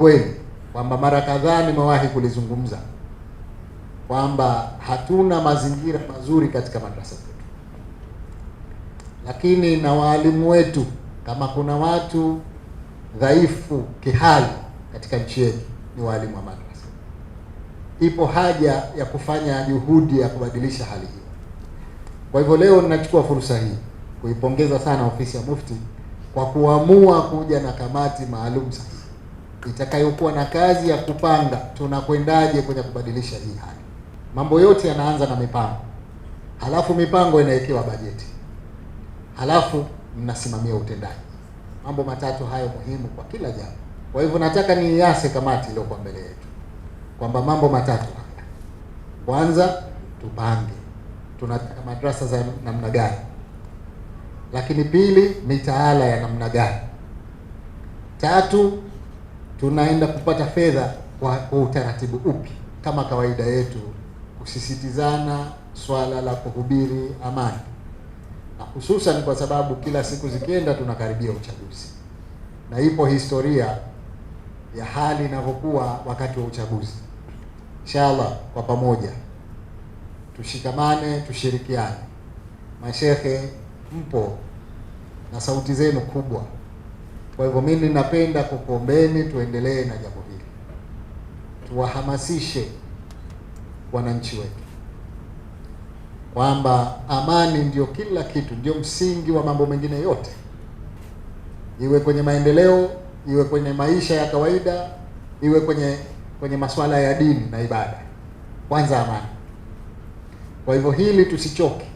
kweli kwamba mara kadhaa nimewahi kulizungumza kwamba hatuna mazingira mazuri katika madrasa zetu, lakini na waalimu wetu, kama kuna watu dhaifu kihali katika nchi yetu ni waalimu wa madrasa. Ipo haja ya kufanya juhudi ya kubadilisha hali hiyo. Kwa hivyo leo ninachukua fursa hii kuipongeza sana ofisi ya Mufti kwa kuamua kuja na kamati maalum sasa itakayokuwa na kazi ya kupanga tunakwendaje kwenye kubadilisha hii hali. Mambo yote yanaanza na mipango, halafu mipango inawekewa bajeti, halafu mnasimamia utendaji. Mambo matatu hayo muhimu kwa kila jambo. Kwa hivyo nataka niiase kamati iliyokuwa mbele yetu kwamba mambo matatu haya, kwanza tupange tunataka madrasa za namna gani, lakini pili mitaala ya namna gani, tatu tunaenda kupata fedha kwa utaratibu upi? Kama kawaida yetu, kusisitizana swala la kuhubiri amani, na hususan kwa sababu kila siku zikienda tunakaribia uchaguzi, na ipo historia ya hali inavyokuwa wakati wa uchaguzi. Inshallah, kwa pamoja tushikamane, tushirikiane. Mashehe mpo na sauti zenu kubwa. Kwa hivyo mimi ninapenda kukuombeni tuendelee na jambo hili, tuwahamasishe wananchi wetu kwamba amani ndio kila kitu, ndio msingi wa mambo mengine yote, iwe kwenye maendeleo, iwe kwenye maisha ya kawaida, iwe kwenye kwenye masuala ya dini na ibada. Kwanza amani. Kwa hivyo hili tusichoke.